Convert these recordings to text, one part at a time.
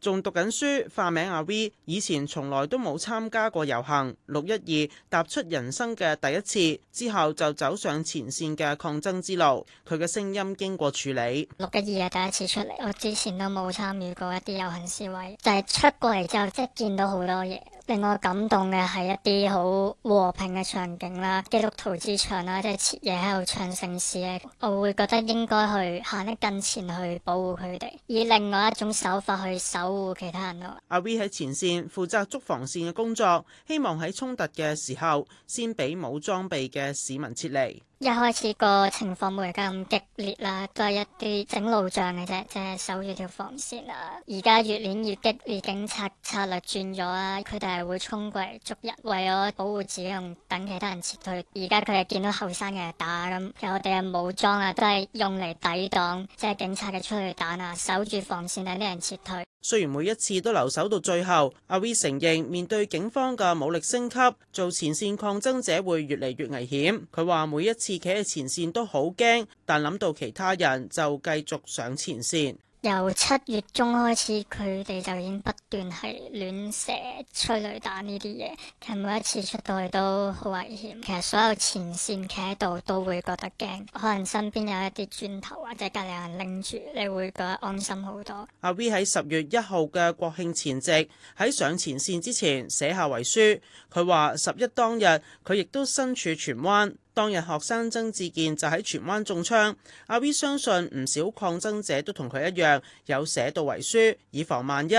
仲讀緊書，化名阿 V，以前從來都冇參加過遊行，六一二踏出人生嘅第一次，之後就走上前線嘅抗爭之路。佢嘅聲音經過處理，六一二係第一次出嚟，我之前都冇參與過一啲遊行示威，但係出過嚟之後即係見到好多嘢。令我感動嘅係一啲好和平嘅場景啦，基督徒之唱啦，即係切嘢喺度唱聖詩嘅，我會覺得應該去行得近前去保護佢哋，以另外一種手法去守護其他人咯。阿 V 喺前線負責捉防線嘅工作，希望喺衝突嘅時候先俾冇裝備嘅市民撤離。一開始個情況冇而家咁激烈啦，都係一啲整路障嘅啫，即係守住條防線啦。而家越亂越激烈，警察策略轉咗啦，佢哋。會衝過嚟捉人，為咗保護自己，用等其他人撤退。而家佢哋見到後生嘅打咁，我哋嘅武裝啊，都係用嚟抵擋，即係警察嘅催淚彈啊，守住防線等啲人撤退。雖然每一次都留守到最後，阿 V 承認面對警方嘅武力升級，做前線抗爭者會越嚟越危險。佢話每一次企喺前線都好驚，但諗到其他人就繼續上前線。由七月中開始，佢哋就已經不。段係亂射、催淚彈呢啲嘢，其實每一次出到去都好危險。其實所有前線企喺度都會覺得驚，可能身邊有一啲磚頭或者隔離人拎住，你會覺得安心好多。阿 V 喺十月一號嘅國慶前夕，喺上前線之前寫下遺書。佢話十一當日佢亦都身處荃灣。當日學生曾志健就喺荃灣中槍。阿 V 相信唔少抗爭者都同佢一樣，有寫到遺書，以防萬一。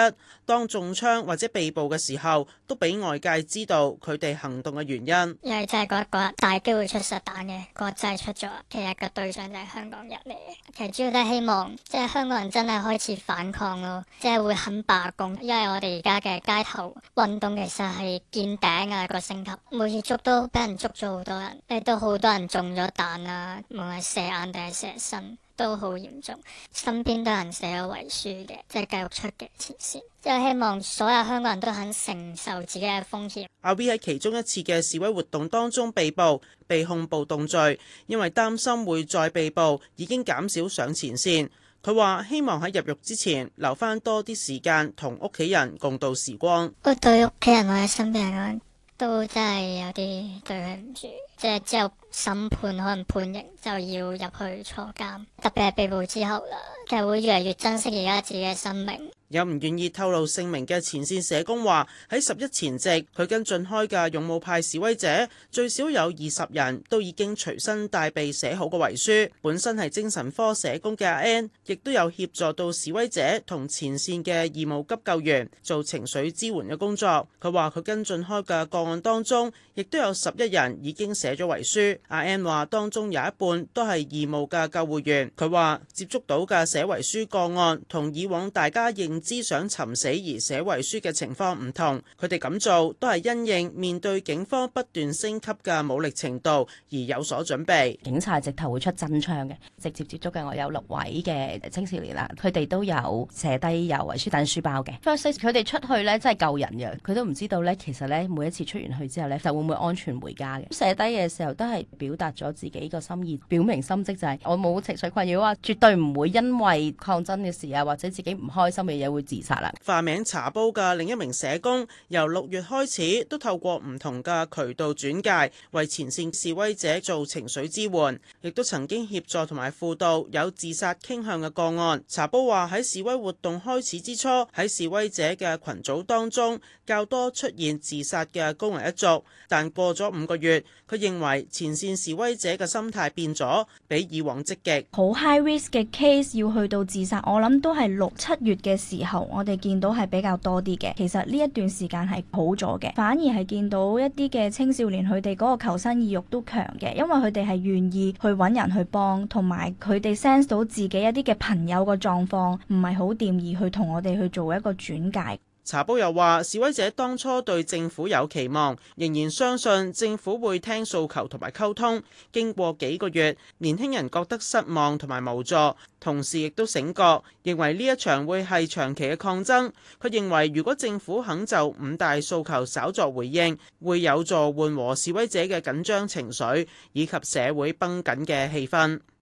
當中槍或者被捕嘅時候，都俾外界知道佢哋行動嘅原因。因為真係嗰日大機會出實彈嘅，嗰日出咗，其實個對象就係香港人嚟嘅。其實主要都係希望，即係香港人真係開始反抗咯，即係會肯罷工。因為我哋而家嘅街頭運動其實係見頂啊，個升級，每次捉都俾人捉咗好多人，亦都好多人中咗彈啊，無論射眼定係射身。都好嚴重，身邊都有人寫咗遺書嘅，即係繼續出嘅前線，即係希望所有香港人都肯承受自己嘅風險。阿 V 喺其中一次嘅示威活動當中被捕，被控暴動罪，因為擔心會再被捕，已經減少上前線。佢話希望喺入獄之前留翻多啲時間同屋企人共度時光。我對屋企人、我嘅身邊人都真係有啲對唔住，即係之後審判可能判刑就要入去坐監，特別係被捕之後啦，其實會越嚟越珍惜而家自己嘅生命。有唔願意透露姓名嘅前線社工話：喺十一前夕，佢跟進開嘅勇武派示威者最少有二十人都已經隨身帶備寫好嘅遺書。本身係精神科社工嘅阿 N，亦都有協助到示威者同前線嘅義務急救員做情緒支援嘅工作。佢話佢跟進開嘅個案當中，亦都有十一人已經寫咗遺書。阿 N 話當中有一半都係義務嘅救護員。佢話接觸到嘅寫遺書個案同以往大家認思想尋死而寫遺書嘅情況唔同，佢哋咁做都係因應面對警方不斷升級嘅武力程度而有所準備。警察直頭會出真槍嘅，直接接觸嘅我有六位嘅青少年啦，佢哋都有寫低有遺書等書包嘅。佢哋 First, 出去呢真係救人嘅，佢都唔知道呢，其實呢每一次出完去之後呢，就會唔會安全回家嘅。寫低嘅時候都係表達咗自己個心意，表明心跡就係我冇情緒困擾，絕對唔會因為抗爭嘅事啊或者自己唔開心嘅嘢。會自殺啦。化名查煲嘅另一名社工，由六月開始都透過唔同嘅渠道轉介，為前線示威者做情緒支援，亦都曾經協助同埋輔導有自殺傾向嘅個案。查煲話，喺示威活動開始之初，喺示威者嘅群組當中，較多出現自殺嘅高危一族。但過咗五個月，佢認為前線示威者嘅心態變咗，比以往積極。好 high risk 嘅 case 要去到自殺，我諗都係六七月嘅時後我哋見到係比較多啲嘅。其實呢一段時間係好咗嘅，反而係見到一啲嘅青少年，佢哋嗰個求生意欲都強嘅，因為佢哋係願意去揾人去幫，同埋佢哋 sense 到自己一啲嘅朋友個狀況唔係好掂，意去同我哋去做一個轉介。查波又話：示威者當初對政府有期望，仍然相信政府會聽訴求同埋溝通。經過幾個月，年輕人覺得失望同埋無助，同時亦都醒覺，認為呢一場會係長期嘅抗爭。佢認為，如果政府肯就五大訴求稍作回應，會有助緩和示威者嘅緊張情緒以及社會繃緊嘅氣氛。